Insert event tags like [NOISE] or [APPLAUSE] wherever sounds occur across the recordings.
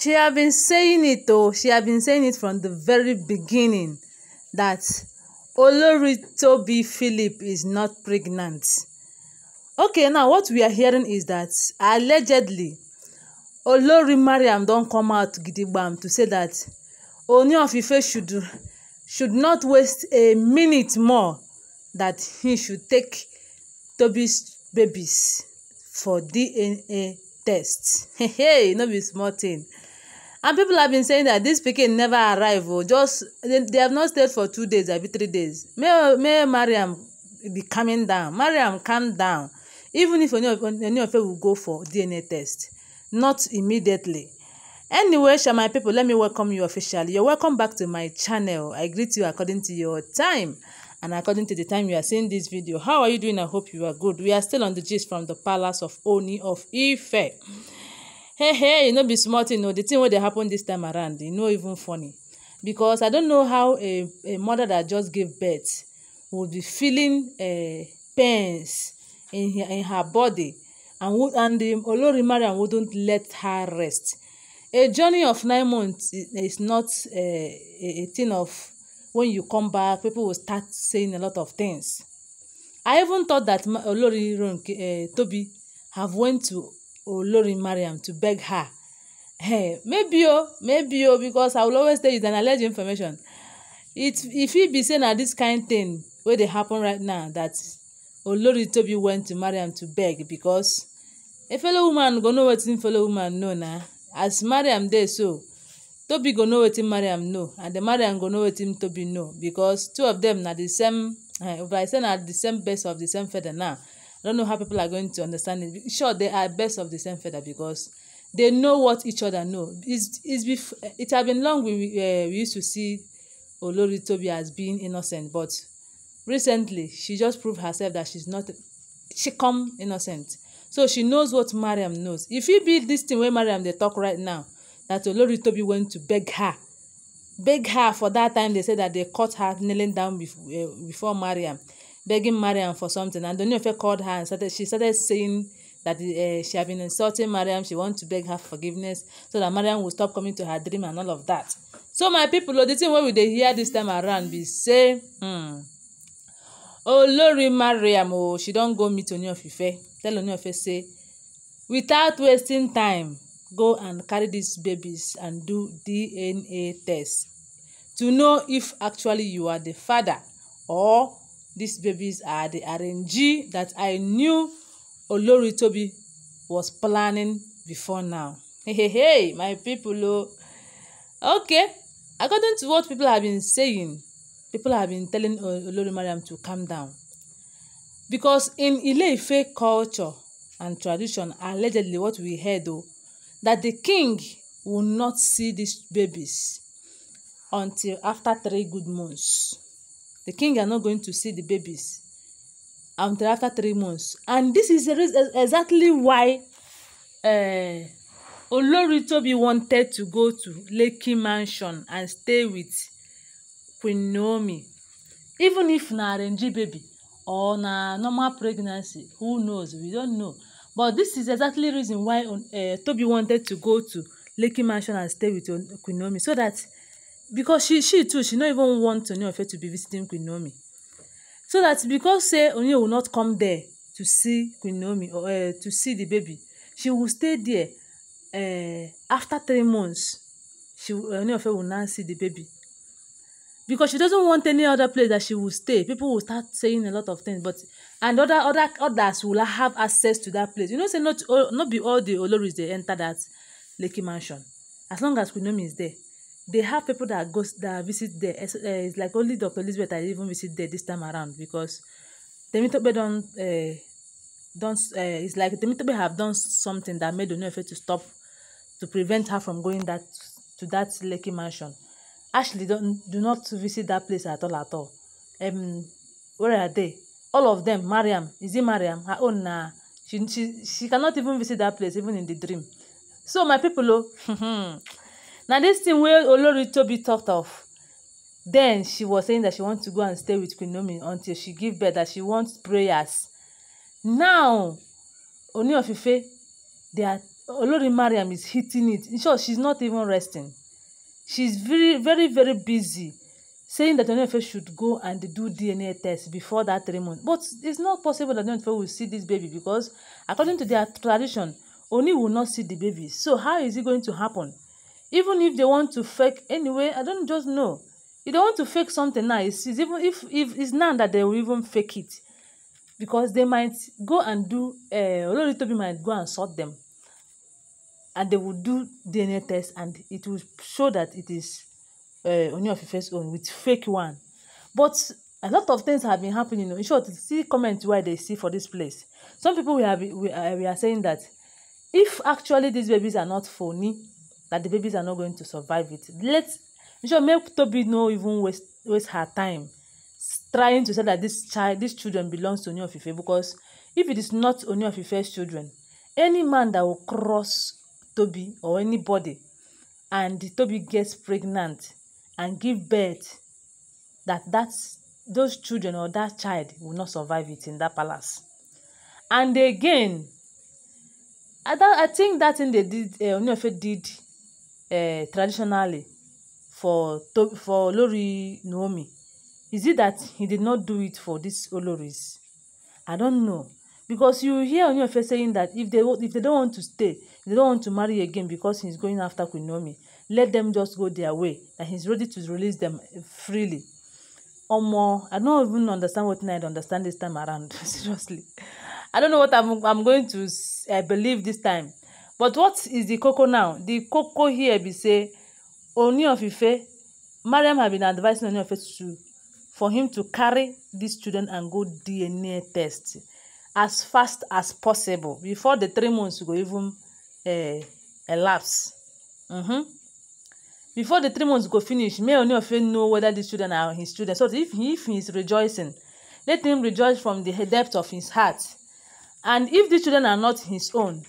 she have been saying it o she have been saying it from the very beginning that Olori Toby Philip is not pregnant okay now what we are hearing is that allegedly Olori Mariam don come out gidigbam to say that Ooni of should should not waste a minute more that he should take Tobi's babies for DNA test [LAUGHS] hey, hey no be small thing and people have been saying that this pikin never arrive Oh, just they, they have not stayed for two days abi three days may may mariam be calming down mariam calm down even if oniofe will go for dna test not immediately anyway sha my people let me welcome you officially you're welcome back to my channel i greet you according to your time and according to the time you are seeing this video how are you doing i hope you are good we are still on the gist from the palace of oni of ife hey hey You know, be smart. You know the thing wey they happen this time around You know, even funny because i don't know how a a mother that just gave birth would be feeling uh, pains in her in her body and would and the olori mariam wouldn't let her rest a journey of nine months is not uh, a, a thing of when you come back people will start saying a lot of things i even thought that olori ronke uh, eh, Toby have went to Olori Mariam to beg her. Hey, maybe oh, maybe oh, because I will always tell you that I information. It if it be saying na this kind thing wey dey happen right now that Olori Tobi went to Mariam to beg because a fellow woman go know wetin fellow woman know na as Mariam dey so Tobi go know wetin Mariam know and the Mariam go know wetin Tobi know because two of them na the same eh, if I say na the same base of the same feather now. Nah. I don't know how people are going to understand it. Sure, they are best of the same feather because they know what each other know. It's, it's bef- it had been long we, uh, we used to see Olori Tobi as being innocent, but recently she just proved herself that she's not, she come innocent. So she knows what Mariam knows. If it be this thing where Mariam they talk right now, that Olori Tobi went to beg her, beg her for that time they said that they caught her kneeling down before, uh, before Mariam begging Mariam for something. And Doniofe called her and started, she started saying that uh, she had been insulting Mariam. She wanted to beg her forgiveness so that Mariam would stop coming to her dream and all of that. So my people, oh, the thing wey we dey hear this time around be say, hmm, oh Olori Mariam oh, she don't go meet Ooni of Tell Ooni of Ife say, without wasting time, go and carry these babies and do DNA test to know if actually you are the father or These babies are the RNG that I knew Olori Tobi was planning before now. Hey, hey, hey, my people. Oh. Okay, according to what people have been saying, people have been telling Olori Mariam to calm down. Because in Ile-Ife culture and tradition, allegedly what we heard oh, that the king will not see these babies until after three good months. The king are not going to see the babies until after three months. And this is exactly why uh, Olori Tobi wanted to go to Lekki Mansion and stay with Queen Naomi. Even if na RNG baby or na normal pregnancy, who knows? We don't know. But this is exactly reason why uh, Tobi wanted to go to Lekki Mansion and stay with Queen Naomi so that because she she too she no even want Ooni of Ife to be visiting Queen Naomi so that because say Ooni will not come there to see Queen Naomi or uh, to see the baby she will stay there uh, after three months she Ooni of Ife will now see the baby because she doesn't want any other place that she will stay people will start saying a lot of things but and other other others will have access to that place you know say not all not be all the oloris dey enter that Lekki mansion as long as Queen Naomi is there they have people that go that visit there. It's, uh, eh, it's like only Dr. Elizabeth I even visit there this time around because Temitope don't uh, eh, don't uh, eh, it's like Temitope have done something that made the Onyefe to stop to prevent her from going that to that Lekki mansion. Ashley don't do not visit that place at all at all. Um, where are they? All of them, Mariam, is it Mariam? Her own uh, she she she cannot even visit that place even in the dream. So my people, oh, [LAUGHS] hmm, hmm. na this thing wey oloritobi talked of Then she was saying that she want to go and stay with Kunomi until she give birth that she want prayers now oni of ife olori mariam is hitting it in short she's not even resting she's very very very busy saying that oni of should go and do dna test before that three months but it's not possible that oni of will see this baby because according to their tradition oni will not see the baby so how is it going to happen even if they want to fake anyway i don't just know if they want to fake something now it's, even if, if it's now that they will even fake it because they might go and do uh, eh, little tobi might go and sort them and they will do dna test and it will show that it is uh, eh, Ooni of Ife's own with fake one but a lot of things have been happening in short see comment why they see for this place some people we have we, uh, we are saying that if actually these babies are not phony that the babies are not going to survive it Let's sure make Toby no even waste waste her time trying to say that this child this children belongs to Ooni because if it is not Ooni children any man that will cross Toby or anybody and Toby gets pregnant and give birth that that those children or that child will not survive it in that palace and again i, th- I think that thing they did uh, eh, Ooni did uh, traditionally for for Olori Naomi? Is it that he did not do it for these Oloris? I don't know. Because you hear on your face saying that if they if they don't want to stay, they don't want to marry again because he's going after Queen Naomi, let them just go their way. and he's ready to release them freely. Or more, I don't even understand what I understand this time around. [LAUGHS] Seriously, I don't know what I'm I'm going to uh, believe this time. but what is the koko now the koko here be say Ooni of Ife Mariam had been advising Ooni of Ife to for him to carry these children and go DNA test as fast as possible before the three months go even uh, elapse mm-hmm. before the three months go finish may Ooni of Ife know whether these children are his children so if he if he is rejoicing let him rejoice from the depth of his heart and if these children are not his own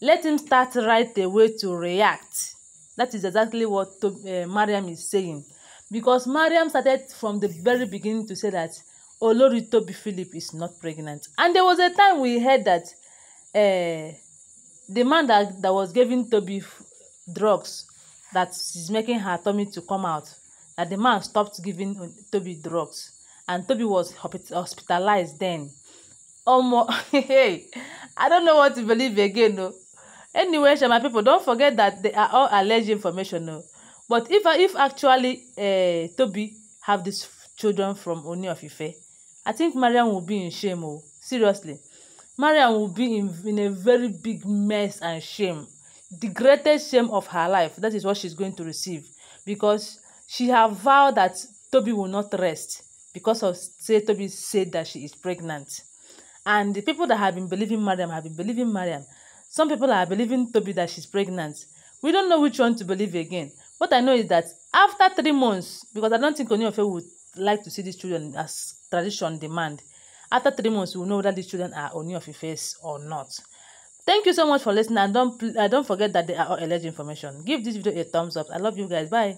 let him start right away to react that is exactly what to, uh, eh, mariam is saying because mariam started from the very beginning to say that olori Toby philip is not pregnant and there was a time we heard that uh, the man that, that was giving Toby drugs that is making her tummy to come out that the man stopped giving Toby drugs and Toby was hospitalized then omo [LAUGHS] hey i don't know what to believe again o. anyway sha my people don forget that they are all alleged information o oh. but if uh, if actually uh, Toby have these children from Ooni of Ife I think Mariam will be in shame o oh. seriously Mariam will be in, in a very big mess and shame the greatest shame of her life that is what she is going to receive because she have vowed that Toby will not rest because of say Toby said that she is pregnant and the people that have been believing Mariam have been believing Mariam Some people are believing Toby that she's pregnant. We don't know which one to believe again. What I know is that after three months, because I don't think Oniofe would like to see these children as tradition demand, after three months, we'll know whether these children are face or not. Thank you so much for listening and don't, uh, don't forget that they are all alleged information. Give this video a thumbs up. I love you guys. Bye.